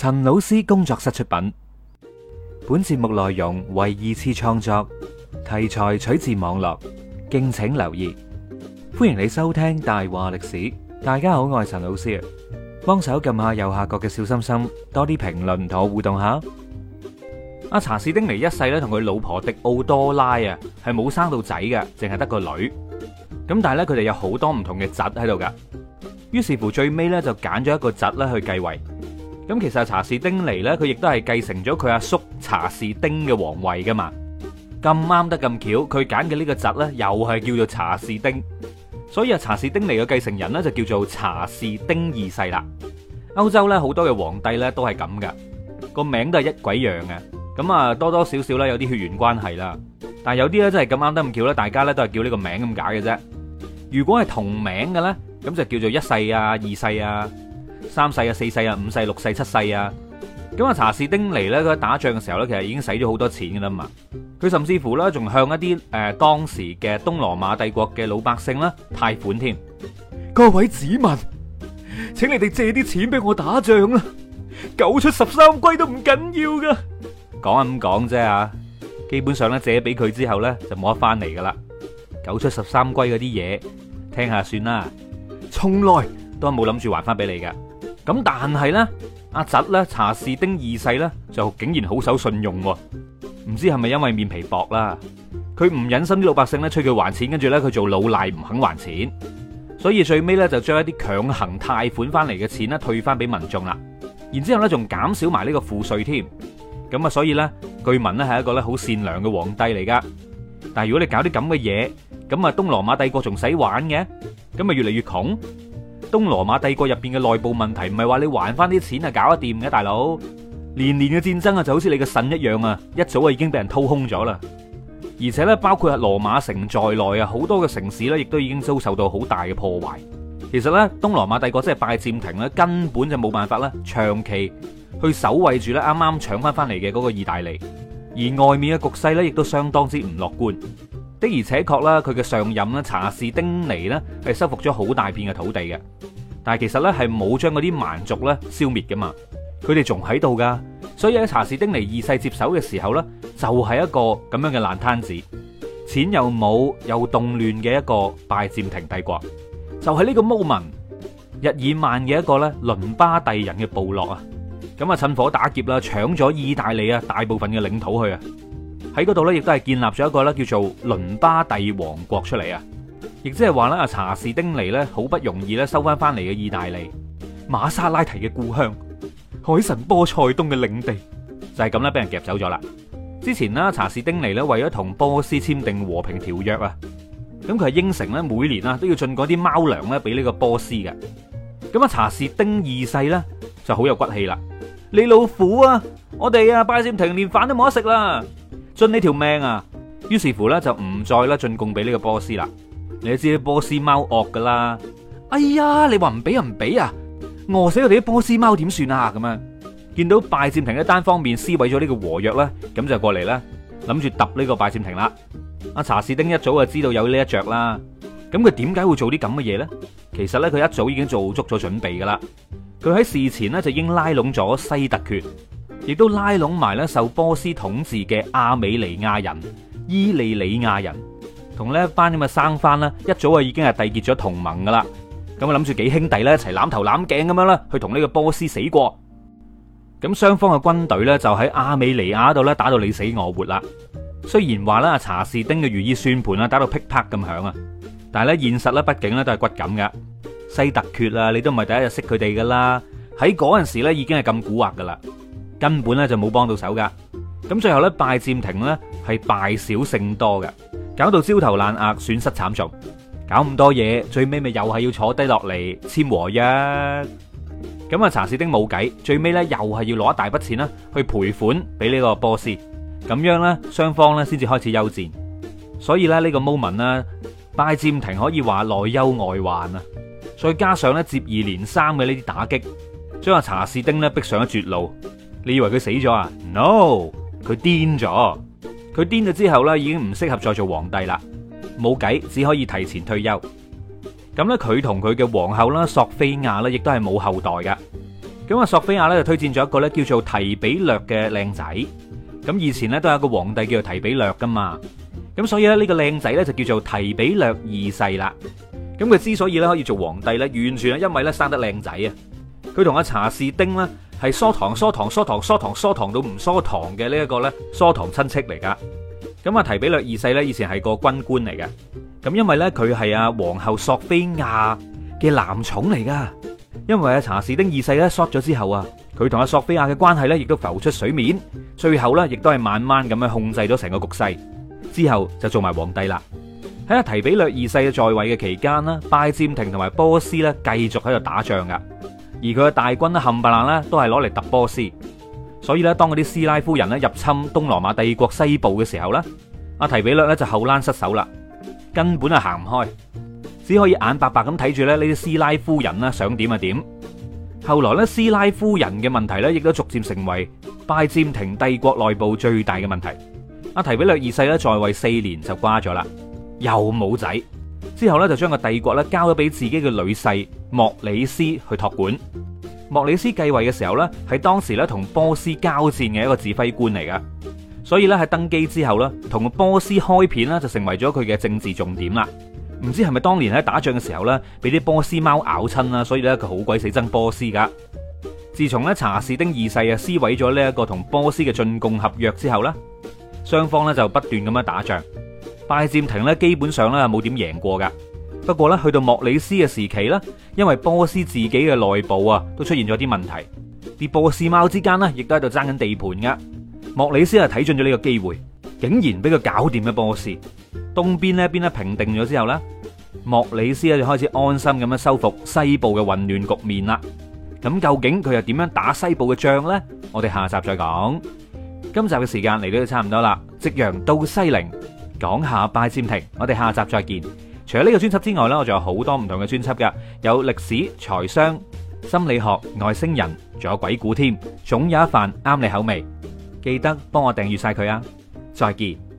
陳老師工作室出品，本節目內容為二次創作，題材取自網絡，敬請留意。歡迎你收聽《大話歷史》。大家好，我係陳老師，幫手撳下右下角嘅小心心，多啲評論同我互動下。阿、啊、查士丁尼一世咧，同佢老婆迪奧多拉啊，係冇生到仔嘅，淨係得個女。咁但係咧，佢哋有好多唔同嘅侄喺度噶，於是乎最尾咧就揀咗一個侄咧去繼位。咁其實查士丁尼呢，佢亦都係繼承咗佢阿叔查士丁嘅皇位噶嘛。咁啱得咁巧，佢揀嘅呢個侄呢，又係叫做查士丁。所以啊，查士丁尼嘅繼承人呢就叫做查士丁二世啦。歐洲呢好多嘅皇帝呢都係咁噶，個名都係一鬼樣嘅。咁啊多多少少呢有啲血緣關係啦，但係有啲呢真係咁啱得咁巧呢，大家呢都係叫呢個名咁解嘅啫。如果係同名嘅呢，咁就叫做一世啊，二世啊。三世啊，四世啊，五世，六世，七世啊，咁啊查士丁尼咧，佢打仗嘅時候咧，其實已經使咗好多錢噶啦嘛，佢甚至乎咧仲向一啲誒、呃、當時嘅東羅馬帝國嘅老百姓啦貸款添，各位子民，請你哋借啲錢俾我打仗啦，九出十三歸都唔緊要噶，講啊咁講啫吓，基本上咧借俾佢之後咧就冇得翻嚟噶啦，九出十三歸嗰啲嘢聽下算啦，從來都係冇諗住還翻俾你噶。咁但係咧，阿侄咧查士丁二世咧就竟然好守信用，唔知係咪因為面皮薄啦？佢唔忍心啲老百姓咧催佢還錢，跟住咧佢做老賴唔肯還錢，所以最尾咧就將一啲強行貸款翻嚟嘅錢咧退翻俾民眾啦，然之後咧仲減少埋呢個賦稅添。咁啊，所以咧，據聞咧係一個咧好善良嘅皇帝嚟噶。但係如果你搞啲咁嘅嘢，咁啊東羅馬帝國仲使玩嘅，咁啊越嚟越窮。東羅馬帝國入邊嘅內部問題唔係話你還翻啲錢啊，搞得掂嘅大佬，年年嘅戰爭啊，就好似你嘅腎一樣啊，一早啊已經俾人掏空咗啦。而且咧，包括係羅馬城在內啊，好多嘅城市呢亦都已經遭受到好大嘅破壞。其實呢，東羅馬帝國即係拜占庭呢，根本就冇辦法啦，長期去守衛住呢啱啱搶翻翻嚟嘅嗰個意大利，而外面嘅局勢呢，亦都相當之唔樂觀。的而且確啦，佢嘅上任咧，查士丁尼咧係收復咗好大片嘅土地嘅，但係其實咧係冇將嗰啲蠻族咧消滅嘅嘛，佢哋仲喺度噶，所以喺查士丁尼二世接手嘅時候呢就係、是、一個咁樣嘅爛攤子，錢又冇又動亂嘅一個拜占庭帝國，就係、是、呢個 moment，日耳曼嘅一個咧倫巴第人嘅部落啊，咁啊趁火打劫啦，搶咗意大利啊大部分嘅領土去啊。喺嗰度咧，亦都係建立咗一個咧叫做倫巴帝王國出嚟啊。亦即係話咧，阿查士丁尼咧好不容易咧收翻翻嚟嘅意大利、馬沙拉提嘅故鄉、海神波塞冬嘅領地，就係咁啦，俾人夾走咗啦。之前呢，查士丁尼咧為咗同波斯簽訂和平條約啊，咁佢係應承咧每年啦都要進嗰啲貓糧咧俾呢個波斯嘅。咁阿查士丁二世咧就好有骨氣啦。你老虎啊，我哋啊拜占庭連飯都冇得食啦。遵呢條命啊！於是乎咧，就唔再咧進貢俾呢個波斯啦。你知波斯貓惡噶啦，哎呀，你話唔俾就唔俾啊，餓死我哋啲波斯貓點算啊？咁啊，見到拜占庭一單方面撕毀咗呢個和約咧，咁就過嚟啦，諗住揼呢個拜占庭啦。阿查士丁一早就知道有呢一着啦，咁佢點解會做啲咁嘅嘢咧？其實咧，佢一早已經做足咗準備噶啦，佢喺事前呢，就已經拉攏咗西突厥。亦都拉攏埋咧受波斯統治嘅亞美尼亞人、伊利里亞人同呢一班咁嘅生番呢，一早啊，已經係締結咗同盟噶啦。咁啊，諗住幾兄弟咧一齊攬頭攬頸咁樣啦，去同呢個波斯死過。咁雙方嘅軍隊呢，就喺亞美尼亞度咧打到你死我活啦。雖然話咧查士丁嘅如意算盤啦打到噼啪咁響啊，但係咧現實咧畢竟咧都係骨感噶。西特厥啊，你都唔係第一日識佢哋噶啦。喺嗰陣時咧已經係咁蠱惑噶啦。根本咧就冇幫到手噶，咁最後咧拜占庭呢係敗少勝多嘅，搞到焦頭爛額，損失慘重，搞咁多嘢，最尾咪又係要坐低落嚟簽和約。咁啊，查士丁冇計，最尾呢又係要攞一大筆錢啦，去賠款俾呢個波斯。咁樣呢，雙方呢先至開始休戰。所以咧呢個 moment 呢，拜占庭可以話內憂外患啊，再加上呢接二連三嘅呢啲打擊，將阿查士丁呢逼上咗絕路。你以為佢死咗啊？no，佢癲咗。佢癲咗之後呢，已經唔適合再做皇帝啦，冇計，只可以提前退休。咁呢，佢同佢嘅皇后啦，索菲亞呢，亦都係冇後代㗎。咁阿索菲亞呢，就推薦咗一個呢，叫做提比略嘅靚仔。咁以前呢，都有個皇帝叫做提比略噶嘛。咁所以咧呢個靚仔呢就叫做提比略二世啦。咁佢之所以呢，可以做皇帝呢，完全係因為呢生得靚仔啊。佢同阿查士丁呢。係疏堂疏堂疏堂疏堂疏堂到唔疏堂嘅呢一個咧疏堂親戚嚟噶。咁啊提比略二世咧以前係個軍官嚟嘅，咁因為咧佢係阿皇后索菲亞嘅男寵嚟噶，因為阿查士丁二世咧 short 咗之後啊，佢同阿索菲亞嘅關係咧亦都浮出水面，最後咧亦都係慢慢咁樣控制咗成個局勢，之後就做埋皇帝啦。喺阿提比略二世嘅在位嘅期間呢，拜占庭同埋波斯咧繼續喺度打仗噶。而佢嘅大軍都冚唪唥咧，都係攞嚟奪波斯，所以咧，當嗰啲斯拉夫人咧入侵東羅馬帝國西部嘅時候咧，阿提比略咧就後欄失守啦，根本啊行唔開，只可以眼白白咁睇住咧呢啲斯拉夫人呢，想點啊點。後來咧，斯拉夫人嘅問題咧，亦都逐漸成為拜占庭帝國內部最大嘅問題。阿提比略二世咧在位四年就瓜咗啦，又冇仔，之後咧就將個帝國咧交咗俾自己嘅女婿，莫里斯去託管，莫里斯繼位嘅時候呢，係當時咧同波斯交戰嘅一個指揮官嚟噶，所以咧喺登基之後呢，同波斯開片呢，就成為咗佢嘅政治重點啦。唔知係咪當年喺打仗嘅時候呢，俾啲波斯貓咬親啊，所以咧佢好鬼死憎波斯噶。自從咧查士丁二世啊撕毀咗呢一個同波斯嘅進貢合約之後呢，雙方呢，就不斷咁樣打仗，拜占庭呢，基本上呢，冇點贏過噶。不過咧，去到莫里斯嘅時期啦，因為波斯自己嘅內部啊，都出現咗啲問題，啲波斯貓之間呢，亦都喺度爭緊地盤噶。莫里斯係睇準咗呢個機會，竟然俾佢搞掂咗波斯。東邊呢邊咧平定咗之後咧，莫里斯咧就開始安心咁樣修復西部嘅混亂局面啦。咁究竟佢又點樣打西部嘅仗呢？我哋下集再講。今集嘅時間嚟到都差唔多啦，夕陽到西陵，講下拜占庭，我哋下集再見。除咗呢個專輯之外呢，我仲有好多唔同嘅專輯噶，有歷史、財商、心理學、外星人，仲有鬼故添，總有一份啱你口味。記得幫我訂閱晒佢啊！再見。